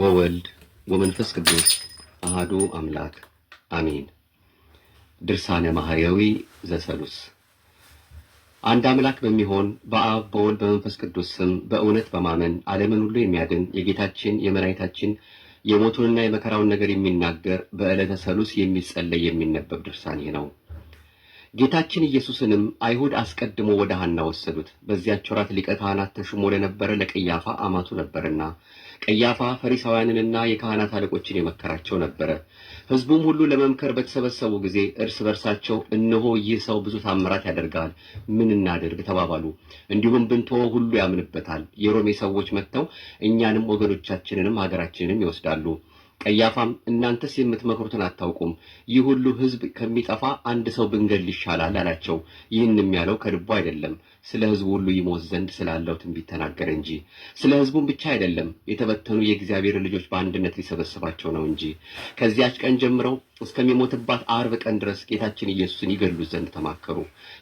ወወልድ ወመንፈስ ቅዱስ አህዱ አምላክ አሚን። ድርሳነ ማህየዊ ዘሰሉስ አንድ አምላክ በሚሆን በአብ በወልድ በመንፈስ ቅዱስ ስም በእውነት በማመን ዓለምን ሁሉ የሚያድን የጌታችን የመድኃኒታችን የሞቱንና የመከራውን ነገር የሚናገር በዕለተ ሰሉስ የሚጸለይ የሚነበብ ድርሳን ነው። ጌታችን ኢየሱስንም አይሁድ አስቀድሞ ወደ ሐና ወሰዱት። በዚያች ወራት ሊቀ ካህናት ተሹሞ ለነበረ ለቀያፋ አማቱ ነበርና ቀያፋ ፈሪሳውያንንና የካህናት አለቆችን የመከራቸው ነበረ። ሕዝቡም ሁሉ ለመምከር በተሰበሰቡ ጊዜ እርስ በርሳቸው እነሆ ይህ ሰው ብዙ ታምራት ያደርጋል፣ ምን እናድርግ ተባባሉ። እንዲሁም ብንቶ ሁሉ ያምንበታል። የሮሜ ሰዎች መጥተው እኛንም ወገኖቻችንንም ሀገራችንንም ይወስዳሉ። ቀያፋም እናንተስ የምትመክሩትን አታውቁም፣ ይህ ሁሉ ሕዝብ ከሚጠፋ አንድ ሰው ብንገድል ይሻላል አላቸው። ይህንም ያለው ከልቡ አይደለም ስለ ህዝቡ ሁሉ ይሞት ዘንድ ስላለው ትንቢት ተናገረ እንጂ ስለ ሕዝቡም ብቻ አይደለም፣ የተበተኑ የእግዚአብሔር ልጆች በአንድነት ሊሰበስባቸው ነው እንጂ። ከዚያች ቀን ጀምረው እስከሚሞትባት አርብ ቀን ድረስ ጌታችን ኢየሱስን ይገሉት ዘንድ ተማከሩ።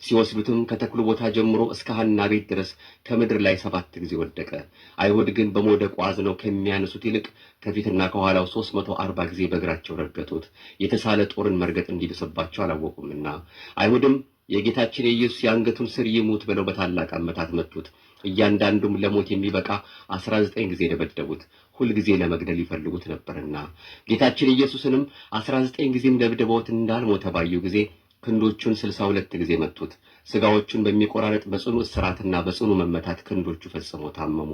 ሲወስዱትም ከተክሉ ቦታ ጀምሮ እስከ ሐና ቤት ድረስ ከምድር ላይ ሰባት ጊዜ ወደቀ። አይሁድ ግን በመውደቁ አዝነው ከሚያነሱት ይልቅ ከፊትና ከኋላው ሦስት መቶ አርባ ጊዜ በእግራቸው ረገጡት። የተሳለ ጦርን መርገጥ እንዲብስባቸው አላወቁምና አይሁድም የጌታችን የኢየሱስ የአንገቱን ስር ይሙት ብለው በታላቅ አመታት መቱት። እያንዳንዱም ለሞት የሚበቃ አስራ ዘጠኝ ጊዜ ደበደቡት። ሁልጊዜ ለመግደል ይፈልጉት ነበርና ጌታችን ኢየሱስንም አስራ ዘጠኝ ጊዜም ደብድበውት እንዳልሞተ ባዩ ጊዜ ክንዶቹን ስልሳ ሁለት ጊዜ መቱት። ስጋዎቹን በሚቆራረጥ በጽኑ እስራትና በጽኑ መመታት ክንዶቹ ፈጽሞ ታመሙ።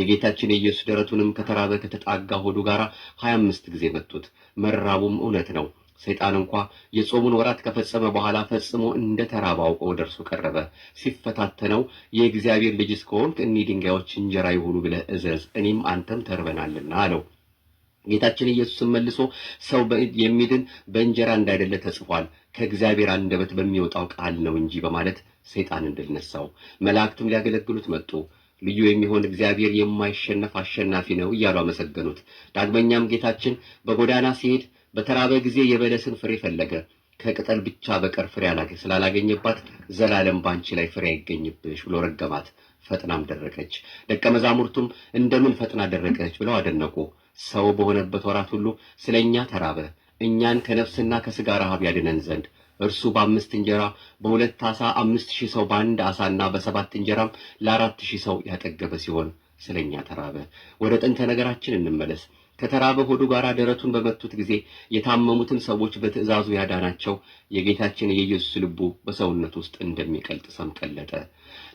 የጌታችን የኢየሱስ ደረቱንም ከተራበ ከተጣጋ ሆዱ ጋር ሀያ አምስት ጊዜ መቱት። መራቡም እውነት ነው። ሰይጣን እንኳ የጾሙን ወራት ከፈጸመ በኋላ ፈጽሞ እንደ ተራበ አውቆ ወደ እርሱ ቀረበ። ሲፈታተነው የእግዚአብሔር ልጅ እስከሆንክ እኒህ ድንጋዮች እንጀራ የሆኑ ብለህ እዘዝ፣ እኔም አንተም ተርበናልና አለው። ጌታችን ኢየሱስን መልሶ ሰው የሚድን በእንጀራ እንዳይደለ ተጽፏል፣ ከእግዚአብሔር አንደበት በሚወጣው ቃል ነው እንጂ በማለት ሰይጣን እንድልነሳው መላእክትም ሊያገለግሉት መጡ። ልዩ የሚሆን እግዚአብሔር የማይሸነፍ አሸናፊ ነው እያሉ አመሰገኑት። ዳግመኛም ጌታችን በጎዳና ሲሄድ በተራበ ጊዜ የበለስን ፍሬ ፈለገ። ከቅጠል ብቻ በቀር ፍሬ ስላላገኘባት ዘላለም ባንቺ ላይ ፍሬ አይገኝብሽ ብሎ ረገማት። ፈጥናም ደረቀች። ደቀ መዛሙርቱም እንደምን ፈጥና ደረቀች ብለው አደነቁ። ሰው በሆነበት ወራት ሁሉ ስለ እኛ ተራበ፣ እኛን ከነፍስና ከስጋ ረሃብ ያድነን ዘንድ እርሱ በአምስት እንጀራ በሁለት አሳ አምስት ሺህ ሰው በአንድ ዓሣና በሰባት እንጀራም ለአራት ሺህ ሰው ያጠገበ ሲሆን ስለ እኛ ተራበ። ወደ ጥንተ ነገራችን እንመለስ። ከተራበ ሆዱ ጋር ደረቱን በመቱት ጊዜ የታመሙትን ሰዎች በትእዛዙ ያዳናቸው የጌታችን የኢየሱስ ልቡ በሰውነት ውስጥ እንደሚቀልጥ ሰም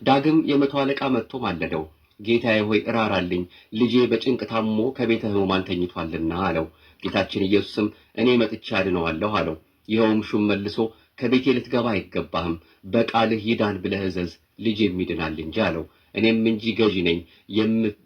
ዳግም የመቶ አለቃ መጥቶ ማለደው። ጌታዬ ሆይ እራራልኝ፣ ልጄ በጭንቅ ታሞ ከቤተ ሕሙማን ተኝቷልና አለው። ጌታችን ኢየሱስም እኔ መጥቼ አድነዋለሁ አለው። ይኸውም ሹም መልሶ ከቤቴ ልትገባ አይገባህም፣ በቃልህ ይዳን ብለህ እዘዝ፣ ልጄም ይድናል እንጂ አለው። እኔም እንጂ ገዢ ነኝ፣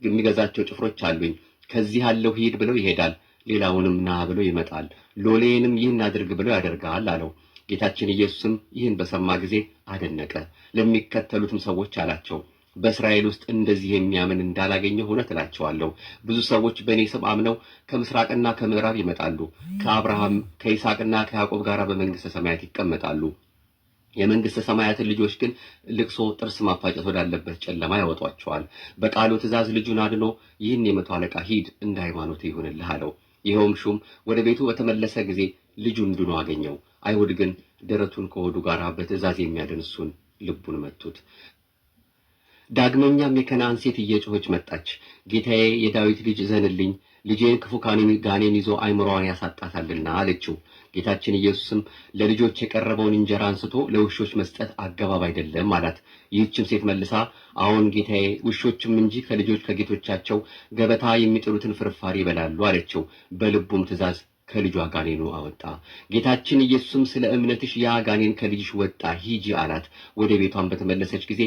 የሚገዛቸው ጭፍሮች አሉኝ ከዚህ አለው ሂድ ብለው ይሄዳል። ሌላውንም ና ብሎ ይመጣል። ሎሌንም ይህን አድርግ ብሎ ያደርጋል አለው። ጌታችን ኢየሱስም ይህን በሰማ ጊዜ አደነቀ። ለሚከተሉትም ሰዎች አላቸው በእስራኤል ውስጥ እንደዚህ የሚያምን እንዳላገኘ እውነት እላቸዋለሁ። ብዙ ሰዎች በእኔ ስም አምነው ከምስራቅና ከምዕራብ ይመጣሉ፣ ከአብርሃም ከይስሐቅና ከያዕቆብ ጋር በመንግሥተ ሰማያት ይቀመጣሉ። የመንግስተ ሰማያትን ልጆች ግን ልቅሶ፣ ጥርስ ማፋጨት ወዳለበት ጨለማ ያወጧቸዋል። በቃሉ ትእዛዝ ልጁን አድኖ ይህን የመቶ አለቃ ሂድ እንደ ሃይማኖት ይሁንልህ አለው። ይኸውም ሹም ወደ ቤቱ በተመለሰ ጊዜ ልጁን ድኖ አገኘው። አይሁድ ግን ደረቱን ከሆዱ ጋር በትእዛዝ የሚያድን እሱን ልቡን መቱት። ዳግመኛም የከነዓን ሴት እየጮኸች መጣች፣ ጌታዬ የዳዊት ልጅ እዘንልኝ ልጄን ክፉ ጋኔን ይዞ አይምሮዋን ያሳጣታልና አለችው። ጌታችን ኢየሱስም ለልጆች የቀረበውን እንጀራ አንስቶ ለውሾች መስጠት አገባብ አይደለም አላት። ይህችም ሴት መልሳ አሁን ጌታዬ፣ ውሾችም እንጂ ከልጆች ከጌቶቻቸው ገበታ የሚጥሉትን ፍርፋሪ ይበላሉ አለችው። በልቡም ትእዛዝ ከልጇ ጋኔኑ አወጣ። ጌታችን ኢየሱስም ስለ እምነትሽ ያ ጋኔን ከልጅሽ ወጣ፣ ሂጂ አላት። ወደ ቤቷን በተመለሰች ጊዜ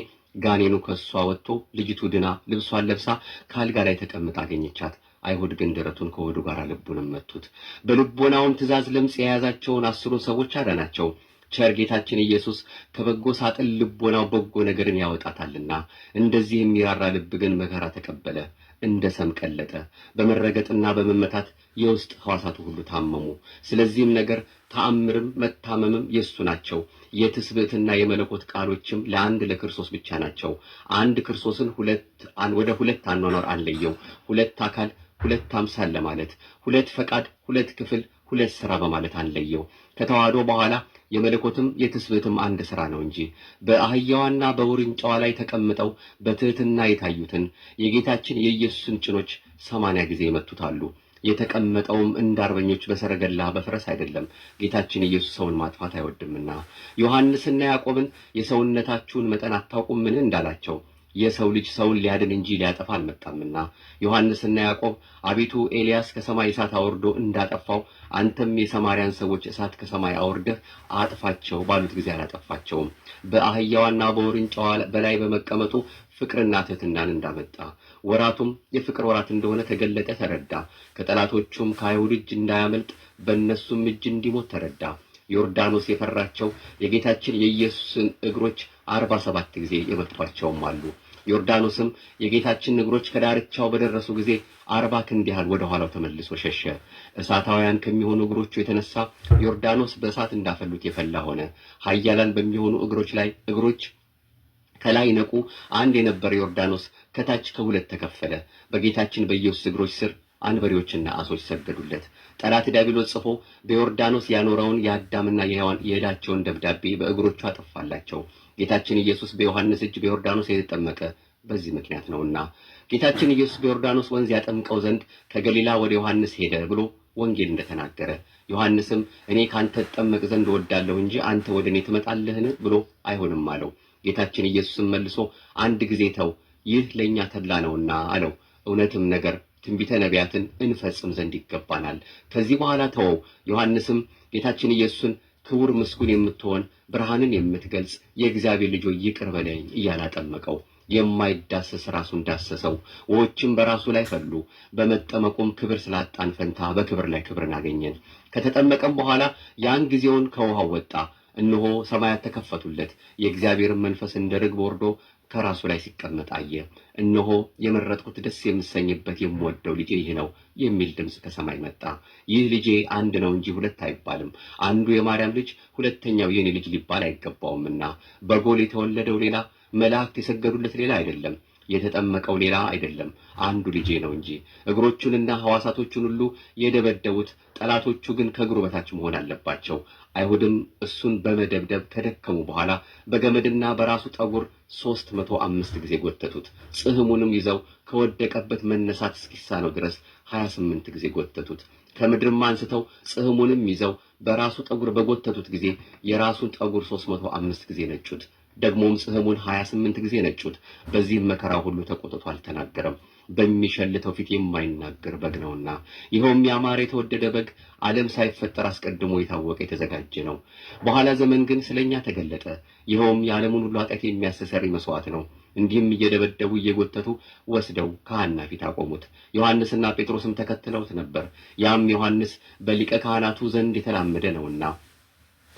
ጋኔኑ ከእሷ ወጥቶ ልጅቱ ድና ልብሷን ለብሳ ከአልጋ ላይ ተቀምጣ አገኘቻት። አይሁድ ግን ደረቱን ከወዱ ጋር ልቡንም መቱት። በልቦናውም ትእዛዝ ለምጽ የያዛቸውን አስሩን ሰዎች አዳናቸው። ቸር ጌታችን ኢየሱስ ከበጎ ሳጥን ልቦናው በጎ ነገርን ያወጣታልና፣ እንደዚህ የሚራራ ልብ ግን መከራ ተቀበለ፣ እንደ ሰም ቀለጠ። በመረገጥና በመመታት የውስጥ ሕዋሳቱ ሁሉ ታመሙ። ስለዚህም ነገር ተአምርም መታመምም የእሱ ናቸው። የትስብእትና የመለኮት ቃሎችም ለአንድ ለክርስቶስ ብቻ ናቸው። አንድ ክርስቶስን ሁለት ወደ ሁለት አኗኗር አለየው። ሁለት አካል ሁለት አምሳል ለማለት ሁለት ፈቃድ፣ ሁለት ክፍል፣ ሁለት ስራ በማለት አንለየው። ከተዋህዶ በኋላ የመለኮትም የትስብእትም አንድ ስራ ነው እንጂ በአህያዋና በውርንጫዋ ላይ ተቀምጠው በትህትና የታዩትን የጌታችን የኢየሱስን ጭኖች ሰማንያ ጊዜ ይመቱታሉ። የተቀመጠውም እንደ አርበኞች በሰረገላ በፈረስ አይደለም። ጌታችን ኢየሱስ ሰውን ማጥፋት አይወድምና ዮሐንስና ያዕቆብን የሰውነታችሁን መጠን አታውቁምን እንዳላቸው የሰው ልጅ ሰውን ሊያድን እንጂ ሊያጠፋ አልመጣምና ዮሐንስና ያዕቆብ አቤቱ ኤልያስ ከሰማይ እሳት አውርዶ እንዳጠፋው አንተም የሰማርያን ሰዎች እሳት ከሰማይ አወርደህ አጥፋቸው ባሉት ጊዜ አላጠፋቸውም። በአህያዋና በውርንጫዋ በላይ በመቀመጡ ፍቅርና ትህትናን እንዳመጣ ወራቱም የፍቅር ወራት እንደሆነ ተገለጠ፣ ተረዳ። ከጠላቶቹም ከአይሁድ እጅ እንዳያመልጥ በእነሱም እጅ እንዲሞት ተረዳ። ዮርዳኖስ የፈራቸው የጌታችን የኢየሱስን እግሮች አርባ ሰባት ጊዜ የመቷቸውም አሉ። ዮርዳኖስም የጌታችን እግሮች ከዳርቻው በደረሱ ጊዜ አርባ ክንድ ያህል ወደ ኋላው ተመልሶ ሸሸ። እሳታውያን ከሚሆኑ እግሮቹ የተነሳ ዮርዳኖስ በእሳት እንዳፈሉት የፈላ ሆነ። ኃያላን በሚሆኑ እግሮች ላይ እግሮች ከላይ ነቁ። አንድ የነበረ ዮርዳኖስ ከታች ከሁለት ተከፈለ። በጌታችን በኢየሱስ እግሮች ስር አንበሪዎችና አሶች ሰገዱለት። ጠላት ዲያብሎስ ጽፎ በዮርዳኖስ ያኖረውን የአዳምና የሔዋን የዕዳቸውን ደብዳቤ በእግሮቹ አጠፋላቸው። ጌታችን ኢየሱስ በዮሐንስ እጅ በዮርዳኖስ የተጠመቀ በዚህ ምክንያት ነውና ጌታችን ኢየሱስ በዮርዳኖስ ወንዝ ያጠምቀው ዘንድ ከገሊላ ወደ ዮሐንስ ሄደ ብሎ ወንጌል እንደተናገረ ዮሐንስም እኔ ካንተ ጠመቅ ዘንድ ወዳለሁ እንጂ አንተ ወደ እኔ ትመጣለህን ብሎ አይሆንም አለው። ጌታችን ኢየሱስም መልሶ አንድ ጊዜ ተው፣ ይህ ለእኛ ተድላ ነውና አለው። እውነትም ነገር ትንቢተ ነቢያትን እንፈጽም ዘንድ ይገባናል። ከዚህ በኋላ ተወው። ዮሐንስም ጌታችን ኢየሱስን ክቡር ምስጉን የምትሆን ብርሃንን የምትገልጽ የእግዚአብሔር ልጅ ይቅር በለኝ እያላጠመቀው የማይዳሰስ ራሱን ዳሰሰው። ውሆችም በራሱ ላይ ፈሉ። በመጠመቁም ክብር ስላጣን ፈንታ በክብር ላይ ክብርን አገኘን። ከተጠመቀም በኋላ ያን ጊዜውን ከውሃው ወጣ። እነሆ ሰማያት ተከፈቱለት። የእግዚአብሔርን መንፈስ እንደ ርግብ ወርዶ ከራሱ ላይ ሲቀመጥ አየ። እነሆ የመረጥኩት ደስ የምሰኝበት የምወደው ልጄ ይህ ነው የሚል ድምፅ ከሰማይ መጣ። ይህ ልጄ አንድ ነው እንጂ ሁለት አይባልም፣ አንዱ የማርያም ልጅ ሁለተኛው የኔ ልጅ ሊባል አይገባውምና በጎል የተወለደው ሌላ መላእክት የሰገዱለት ሌላ አይደለም። የተጠመቀው ሌላ አይደለም አንዱ ልጄ ነው እንጂ እግሮቹንና ሐዋሳቶቹን ሁሉ የደበደቡት ጠላቶቹ ግን ከእግሩ በታች መሆን አለባቸው። አይሁድም እሱን በመደብደብ ከደከሙ በኋላ በገመድና በራሱ ጠጉር ሦስት መቶ አምስት ጊዜ ጎተቱት። ጽህሙንም ይዘው ከወደቀበት መነሳት እስኪሳነው ድረስ ሀያ ስምንት ጊዜ ጎተቱት። ከምድርም አንስተው ጽህሙንም ይዘው በራሱ ጠጉር በጎተቱት ጊዜ የራሱን ጠጉር ሦስት መቶ አምስት ጊዜ ነጩት። ደግሞም ጽህሙን ሀያ ስምንት ጊዜ ነጩት። በዚህም መከራ ሁሉ ተቆጥቶ አልተናገረም። በሚሸልተው ፊት የማይናገር በግ ነውና፣ ይኸውም ያማረ የተወደደ በግ ዓለም ሳይፈጠር አስቀድሞ የታወቀ የተዘጋጀ ነው። በኋላ ዘመን ግን ስለ እኛ ተገለጠ። ይኸውም የዓለሙን ሁሉ ኃጢአት የሚያስተሰሪ መስዋዕት ነው። እንዲህም እየደበደቡ እየጎተቱ ወስደው ከሐና ፊት አቆሙት። ዮሐንስና ጴጥሮስም ተከትለውት ነበር። ያም ዮሐንስ በሊቀ ካህናቱ ዘንድ የተላመደ ነውና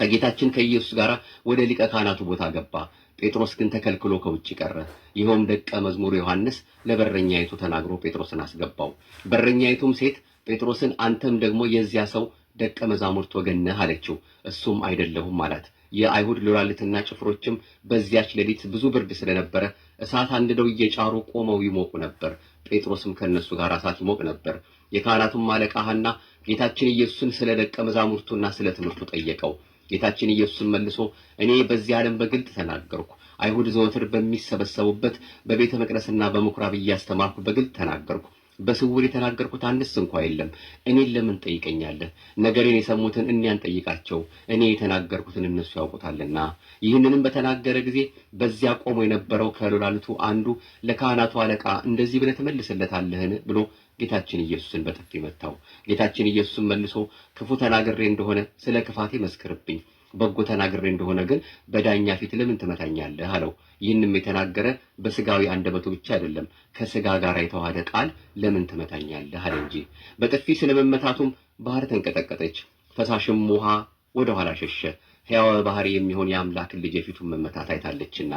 ከጌታችን ከኢየሱስ ጋር ወደ ሊቀ ካህናቱ ቦታ ገባ። ጴጥሮስ ግን ተከልክሎ ከውጭ ቀረ። ይኸውም ደቀ መዝሙሩ ዮሐንስ ለበረኛይቱ ተናግሮ ጴጥሮስን አስገባው። በረኛይቱም ሴት ጴጥሮስን አንተም ደግሞ የዚያ ሰው ደቀ መዛሙርት ወገን ነህ አለችው። እሱም አይደለሁም አላት። የአይሁድ ሉላልትና ጭፍሮችም በዚያች ሌሊት ብዙ ብርድ ስለነበረ እሳት አንድደው እየጫሩ ቆመው ይሞቁ ነበር። ጴጥሮስም ከእነሱ ጋር እሳት ይሞቅ ነበር። የካህናቱም አለቃ ሐና ጌታችን ኢየሱስን ስለ ደቀ መዛሙርቱና ስለ ትምህርቱ ጠየቀው። ጌታችን ኢየሱስን መልሶ እኔ በዚህ ዓለም በግልጥ ተናገርኩ። አይሁድ ዘወትር በሚሰበሰቡበት በቤተ መቅደስና በምኩራብ እያስተማርኩ በግልጥ ተናገርኩ። በስውር የተናገርኩት አንድስ እንኳ የለም። እኔን ለምን ጠይቀኛለህ? ነገሬን የሰሙትን እኒያን ጠይቃቸው፣ እኔ የተናገርኩትን እነሱ ያውቁታልና። ይህንንም በተናገረ ጊዜ በዚያ ቆሞ የነበረው ከሎላልቱ አንዱ ለካህናቱ አለቃ እንደዚህ ብለህ ትመልስለታለህን ብሎ ጌታችን ኢየሱስን በጥፊ መታው። ጌታችን ኢየሱስን መልሶ ክፉ ተናግሬ እንደሆነ ስለ ክፋቴ መስክርብኝ፣ በጎ ተናግሬ እንደሆነ ግን በዳኛ ፊት ለምን ትመታኛለህ አለው። ይህንም የተናገረ በስጋዊ አንደበቱ ብቻ አይደለም፣ ከስጋ ጋር የተዋሃደ ቃል ለምን ትመታኛለህ አለ እንጂ። በጥፊ ስለመመታቱም ባህር ተንቀጠቀጠች፣ ፈሳሽም ውሃ ወደ ኋላ ሸሸ። ሕያው ባህሪ የሚሆን የአምላክን ልጅ የፊቱን መመታት አይታለችና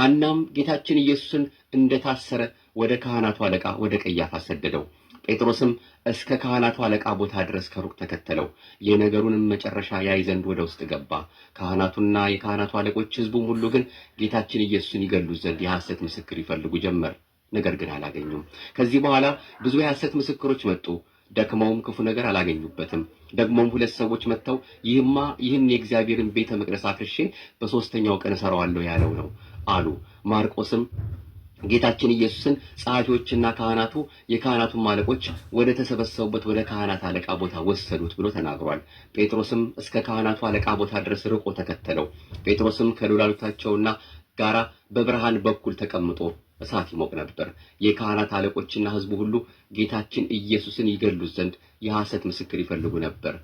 ሐናም ጌታችን ኢየሱስን እንደታሰረ ወደ ካህናቱ አለቃ ወደ ቀያፋ ሰደደው። ጴጥሮስም እስከ ካህናቱ አለቃ ቦታ ድረስ ከሩቅ ተከተለው። የነገሩንም መጨረሻ ያይ ዘንድ ወደ ውስጥ ገባ። ካህናቱና የካህናቱ አለቆች ህዝቡም ሁሉ ግን ጌታችን ኢየሱስን ይገሉት ዘንድ የሐሰት ምስክር ይፈልጉ ጀመር። ነገር ግን አላገኙም። ከዚህ በኋላ ብዙ የሐሰት ምስክሮች መጡ። ደክመውም ክፉ ነገር አላገኙበትም። ደግሞም ሁለት ሰዎች መጥተው ይህማ ይህን የእግዚአብሔርን ቤተ መቅደስ አፍርሼ በሦስተኛው ቀን እሰራዋለሁ ያለው ነው አሉ። ማርቆስም ጌታችን ኢየሱስን ጸሐፊዎችና ካህናቱ የካህናቱ ማለቆች ወደ ተሰበሰቡበት ወደ ካህናት አለቃ ቦታ ወሰዱት ብሎ ተናግሯል። ጴጥሮስም እስከ ካህናቱ አለቃ ቦታ ድረስ ርቆ ተከተለው። ጴጥሮስም ከሉላሉታቸውና ጋራ በብርሃን በኩል ተቀምጦ እሳት ይሞቅ ነበር። የካህናት አለቆችና ሕዝቡ ሁሉ ጌታችን ኢየሱስን ይገሉት ዘንድ የሐሰት ምስክር ይፈልጉ ነበር፣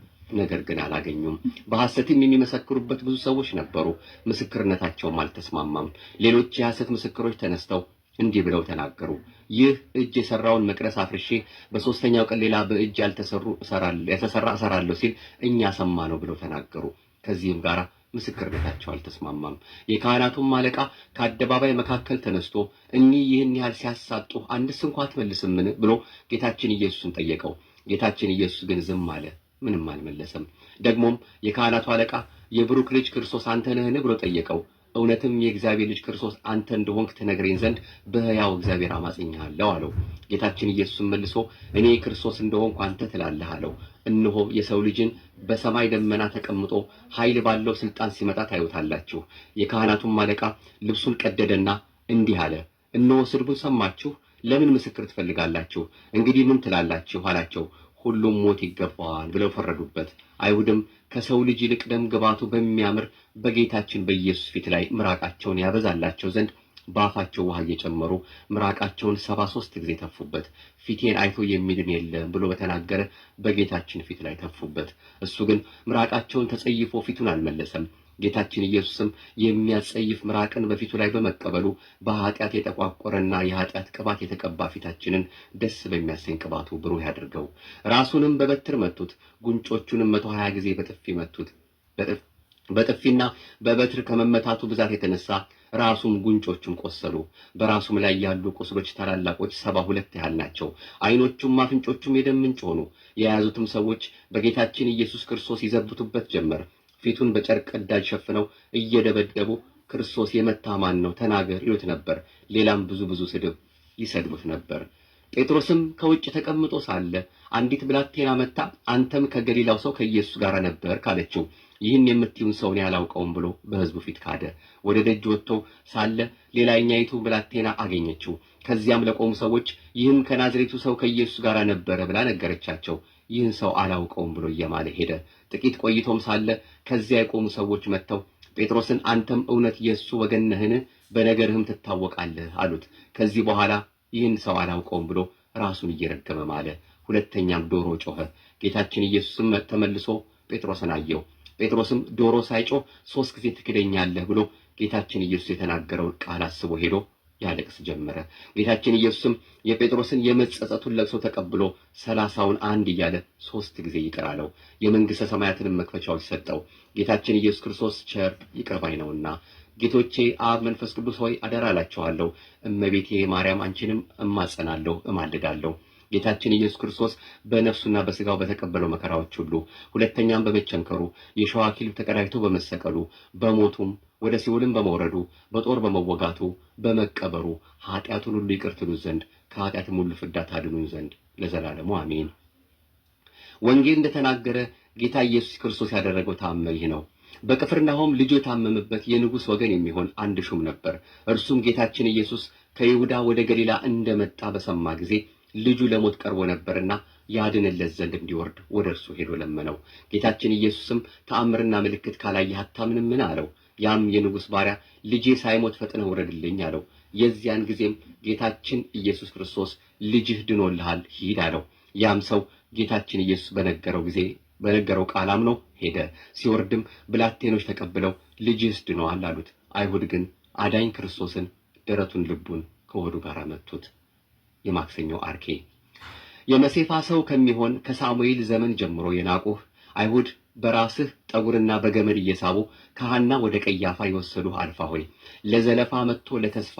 ነገር ግን አላገኙም። በሐሰትም የሚመሰክሩበት ብዙ ሰዎች ነበሩ፣ ምስክርነታቸውም አልተስማማም። ሌሎች የሐሰት ምስክሮች ተነስተው እንዲህ ብለው ተናገሩ። ይህ እጅ የሰራውን መቅደስ አፍርሼ በሶስተኛው ቀን ሌላ በእጅ ያልተሰሩ ያልተሰራ እሰራለሁ ሲል እኛ ሰማ ነው ብለው ተናገሩ። ከዚህም ጋር ምስክርነታቸው አልተስማማም። የካህናቱም አለቃ ከአደባባይ መካከል ተነስቶ እኚህ ይህን ያህል ሲያሳጡ አንድስ እንኳ አትመልስምን ብሎ ጌታችን ኢየሱስን ጠየቀው። ጌታችን ኢየሱስ ግን ዝም አለ፣ ምንም አልመለሰም። ደግሞም የካህናቱ አለቃ የብሩክ ልጅ ክርስቶስ አንተ ነህን ብሎ ጠየቀው። እውነትም የእግዚአብሔር ልጅ ክርስቶስ አንተ እንደሆንክ ትነግረኝ ዘንድ በሕያው እግዚአብሔር አማጽኛለሁ አለው። ጌታችን ኢየሱስም መልሶ እኔ ክርስቶስ እንደሆንኩ አንተ ትላለህ አለው። እነሆ የሰው ልጅን በሰማይ ደመና ተቀምጦ ኃይል ባለው ስልጣን ሲመጣ ታዩታላችሁ። የካህናቱም አለቃ ልብሱን ቀደደና እንዲህ አለ፣ እነሆ ስድቡን ሰማችሁ። ለምን ምስክር ትፈልጋላችሁ? እንግዲህ ምን ትላላችሁ? አላቸው። ሁሉም ሞት ይገባዋል ብለው ፈረዱበት። አይሁድም ከሰው ልጅ ይልቅ ደም ግባቱ በሚያምር በጌታችን በኢየሱስ ፊት ላይ ምራቃቸውን ያበዛላቸው ዘንድ በአፋቸው ውሃ እየጨመሩ ምራቃቸውን ሰባ ሶስት ጊዜ ተፉበት። ፊቴን አይቶ የሚድን የለም ብሎ በተናገረ በጌታችን ፊት ላይ ተፉበት። እሱ ግን ምራቃቸውን ተጸይፎ ፊቱን አልመለሰም። ጌታችን ኢየሱስም የሚያጸይፍ ምራቅን በፊቱ ላይ በመቀበሉ በኃጢአት የተቋቆረና የኃጢአት ቅባት የተቀባ ፊታችንን ደስ በሚያሰኝ ቅባቱ ብሩህ ያድርገው። ራሱንም በበትር መቱት፣ ጉንጮቹንም መቶ ሀያ ጊዜ በጥፊ መቱት። በጥፊና በበትር ከመመታቱ ብዛት የተነሳ ራሱም ጉንጮቹም ቆሰሉ። በራሱም ላይ ያሉ ቁስሎች ታላላቆች ሰባ ሁለት ያህል ናቸው። ዓይኖቹም አፍንጮቹም የደም ምንጭ ሆኑ። የያዙትም ሰዎች በጌታችን ኢየሱስ ክርስቶስ ይዘብቱበት ጀመር። ፊቱን በጨርቅ እዳጅ ሸፍነው እየደበደቡ ክርስቶስ የመታ ማን ነው? ተናገር ይሉት ነበር። ሌላም ብዙ ብዙ ስድብ ይሰድቡት ነበር። ጴጥሮስም ከውጭ ተቀምጦ ሳለ አንዲት ብላቴና መጣ፣ አንተም ከገሊላው ሰው ከኢየሱስ ጋር ነበር ካለችው፣ ይህን የምትዩን ሰው እኔ አላውቀውም ብሎ በሕዝቡ ፊት ካደ። ወደ ደጅ ወጥቶ ሳለ ሌላኛይቱ ብላቴና አገኘችው። ከዚያም ለቆሙ ሰዎች ይህም ከናዝሬቱ ሰው ከኢየሱስ ጋር ነበረ ብላ ነገረቻቸው። ይህን ሰው አላውቀውም ብሎ እየማለ ሄደ። ጥቂት ቆይቶም ሳለ ከዚያ የቆሙ ሰዎች መጥተው ጴጥሮስን አንተም እውነት የእሱ ወገን ነህን? በነገርህም ትታወቃለህ አሉት። ከዚህ በኋላ ይህን ሰው አላውቀውም ብሎ ራሱን እየረገመ ማለ። ሁለተኛም ዶሮ ጮኸ። ጌታችን ኢየሱስም ተመልሶ ጴጥሮስን አየው። ጴጥሮስም ዶሮ ሳይጮህ ሶስት ጊዜ ትክደኛለህ ብሎ ጌታችን ኢየሱስ የተናገረውን ቃል አስቦ ሄዶ ያለቅስ ጀመረ። ጌታችን ኢየሱስም የጴጥሮስን የመጸጸቱን ለቅሶ ተቀብሎ ሰላሳውን አንድ እያለ ሶስት ጊዜ ይቅር አለው። የመንግሥተ ሰማያትንም መክፈቻዎች ሰጠው። ጌታችን ኢየሱስ ክርስቶስ ቸር ይቅር ባይ ነውና ጌቶቼ አብ መንፈስ ቅዱስ ሆይ አደራ እላችኋለሁ። እመቤቴ ማርያም አንቺንም እማጸናለሁ፣ እማልዳለሁ። ጌታችን ኢየሱስ ክርስቶስ በነፍሱና በስጋው በተቀበለው መከራዎች ሁሉ ሁለተኛም በመቸንከሩ የሸዋ ኪልብ ተቀዳጅቶ በመሰቀሉ በሞቱም ወደ ሲውልም በመውረዱ በጦር በመወጋቱ በመቀበሩ ኃጢአቱን ሁሉ ይቅር ዘንድ ከኃጢአትም ሁሉ ፍዳ ታድኑን ዘንድ ለዘላለሙ አሜን። ወንጌል እንደተናገረ ጌታ ኢየሱስ ክርስቶስ ያደረገው ተአምር ይህ ነው። በቅፍርናሆም ልጁ የታመመበት የንጉሥ ወገን የሚሆን አንድ ሹም ነበር። እርሱም ጌታችን ኢየሱስ ከይሁዳ ወደ ገሊላ እንደመጣ በሰማ ጊዜ ልጁ ለሞት ቀርቦ ነበርና ያድንለት ዘንድ እንዲወርድ ወደ እርሱ ሄዶ ለመነው። ጌታችን ኢየሱስም ተአምርና ምልክት ካላየህ አታምንምን አለው። ያም የንጉሥ ባሪያ ልጄ ሳይሞት ፈጥነህ ውረድልኝ አለው። የዚያን ጊዜም ጌታችን ኢየሱስ ክርስቶስ ልጅህ ድኖልሃል፣ ሂድ አለው። ያም ሰው ጌታችን ኢየሱስ በነገረው ጊዜ በነገረው ቃል አምነው ሄደ። ሲወርድም ብላቴኖች ተቀብለው ልጅስ ድነዋል አሉት። አይሁድ ግን አዳኝ ክርስቶስን ደረቱን፣ ልቡን ከሆዱ ጋር መቱት። የማክሰኞው አርኬ የመሴፋ ሰው ከሚሆን ከሳሙኤል ዘመን ጀምሮ የናቁህ አይሁድ በራስህ ጠጉርና በገመድ እየሳቡ ከሐና ወደ ቀያፋ የወሰዱህ አልፋ ሆይ ለዘለፋ መጥቶ ለተስፋ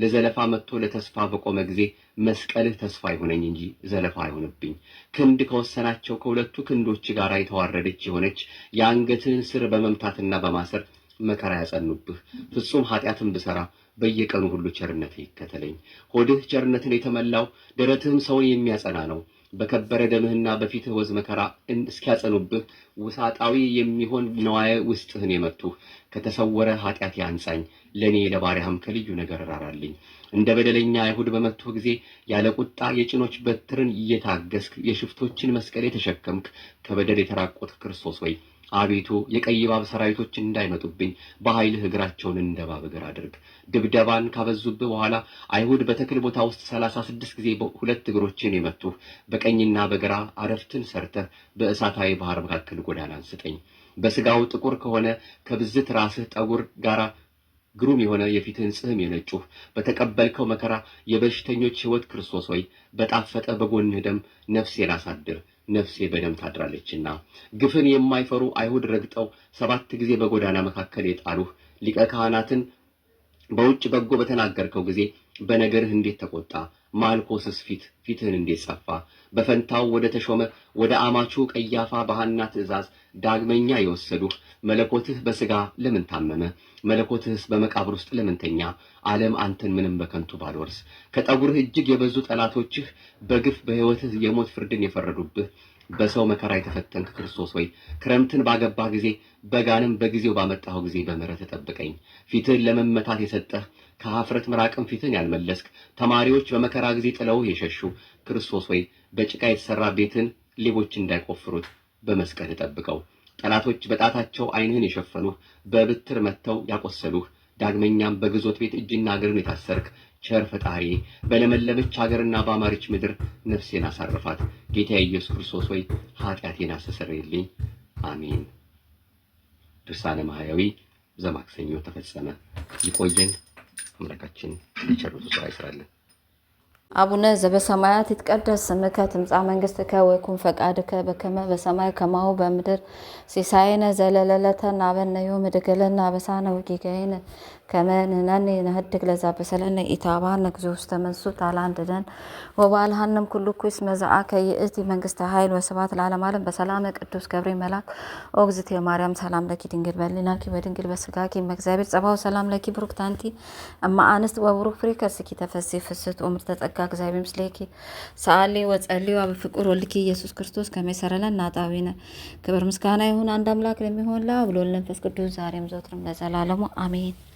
ለዘለፋ መጥቶ ለተስፋ በቆመ ጊዜ መስቀልህ ተስፋ ይሆነኝ እንጂ ዘለፋ አይሆንብኝ። ክንድ ከወሰናቸው ከሁለቱ ክንዶች ጋር የተዋረደች የሆነች የአንገትህን ስር በመምታትና በማሰር መከራ ያጸኑብህ። ፍጹም ኃጢአትን ብሰራ በየቀኑ ሁሉ ቸርነትህ ይከተለኝ። ሆድህ ቸርነትን የተመላው ደረትህም ሰውን የሚያጸና ነው። በከበረ ደምህና በፊትህ ወዝ መከራ እስኪያጸኑብህ ውሳጣዊ የሚሆን ነዋየ ውስጥህን የመቱህ ከተሰወረ ኃጢአት ያንፃኝ ለእኔ ለባሪያህም ከልዩ ነገር ራራልኝ። እንደ በደለኛ አይሁድ በመቱህ ጊዜ ያለ ቁጣ የጭኖች በትርን እየታገስክ የሽፍቶችን መስቀል የተሸከምክ ከበደል የተራቆት ክርስቶስ ወይ አቤቱ የቀይ ባብ ሰራዊቶች እንዳይመጡብኝ በኃይልህ እግራቸውን እንደ እባብ እግር አድርግ። ድብደባን ካበዙብህ በኋላ አይሁድ በተክል ቦታ ውስጥ ሰላሳ ስድስት ጊዜ ሁለት እግሮችን የመቱህ በቀኝና በግራ አረፍትን ሰርተህ በእሳታዊ ባህር መካከል ጎዳናን ስጠኝ። በስጋው ጥቁር ከሆነ ከብዝት ራስህ ጠጉር ጋር ግሩም የሆነ የፊትህን ጽህም የነጩህ በተቀበልከው መከራ የበሽተኞች ሕይወት ክርስቶስ ሆይ በጣፈጠ በጎንህ ደም ነፍሴን አሳድር። ነፍሴ በደም ታድራለችና ግፍን የማይፈሩ አይሁድ ረግጠው ሰባት ጊዜ በጎዳና መካከል የጣሉህ ሊቀ ካህናትን በውጭ በጎ በተናገርከው ጊዜ በነገርህ እንዴት ተቆጣ? ማልኮስስ ፊት ፊትህን እንዴት ሰፋ በፈንታው ወደ ተሾመ ወደ አማቹ ቀያፋ በሐና ትእዛዝ ዳግመኛ የወሰዱህ መለኮትህ በስጋ ለምን ታመመ? መለኮትህስ በመቃብር ውስጥ ለምን ተኛ? ዓለም አንተን ምንም በከንቱ ባልወርስ ከጠጉርህ እጅግ የበዙ ጠላቶችህ በግፍ በሕይወትህ የሞት ፍርድን የፈረዱብህ በሰው መከራ የተፈተንክ ክርስቶስ ወይ ክረምትን ባገባህ ጊዜ በጋንም በጊዜው ባመጣኸው ጊዜ በምሕረት ተጠብቀኝ። ፊትህን ለመመታት የሰጠህ ከሀፍረት ምራቅም ፊትን ያልመለስክ ተማሪዎች በመከራ ጊዜ ጥለው የሸሹ ክርስቶስ ወይ በጭቃ የተሰራ ቤትን ሌቦች እንዳይቆፍሩት በመስቀል ጠብቀው። ጠላቶች በጣታቸው ዓይንህን የሸፈኑህ በብትር መጥተው ያቆሰሉህ ዳግመኛም በግዞት ቤት እጅና እግርን የታሰርክ ቸር ፈጣሪ በለመለመች ሀገርና በአማረች ምድር ነፍሴን አሳርፋት። ጌታ ኢየሱስ ክርስቶስ ወይ ኃጢአቴን አስተሰርይልኝ። አሜን። ድርሳነ ማህያዊ ዘማክሰኞ ተፈጸመ። ይቆየን። አምላካችን ሊቸርሱ ስራ ይስራለን። አቡነ ዘበሰማያት ይትቀደስ ስምከ ትምጻእ መንግስትከ ወይኩን ፈቃድከ በከመ በሰማይ ከማሁ በምድር ሲሳየነ ዘለለዕለትነ ሀበነ ዮም ወኅድግ ለነ አበሳነ ወጌጋየነ ከመንህነኒ ንህድግ ለዛ በሰለነ ኢታባን እግዚኦ ውስተ መንሱ ታላንድደን ወባልሃንም ኩሉ ኩስ መዛአ ከይእቲ መንግስተ ኃይል ወስብሐት ለዓለመ ዓለም። በሰላም ቅዱስ ገብርኤል መልአክ ኦግዝት የማርያም ሰላም ለኪ ድንግል በሕሊናኪ በድንግል በሥጋኪ እም እግዚአብሔር ጸባኦ ሰላም ለኪ ብሩክ ታንቲ እም አንስት ወብሩክ ፍሬ ከርስኪ ተፈሲ ፍስት ኦምር ምልዕተ ጸጋ እግዚአብሔር ምስሌኪ ሰአሊ ወጸልዩ አብ ፍቁር ወልኪ ኢየሱስ ክርስቶስ ከመሰረለን ናጣዊነ ክብር ምስጋና ይሁን አንድ አምላክ ለሚሆን ለአብ ወወልድ ወመንፈስ ቅዱስ ዛሬም ዘወትርም ለዘላለሙ አሜን።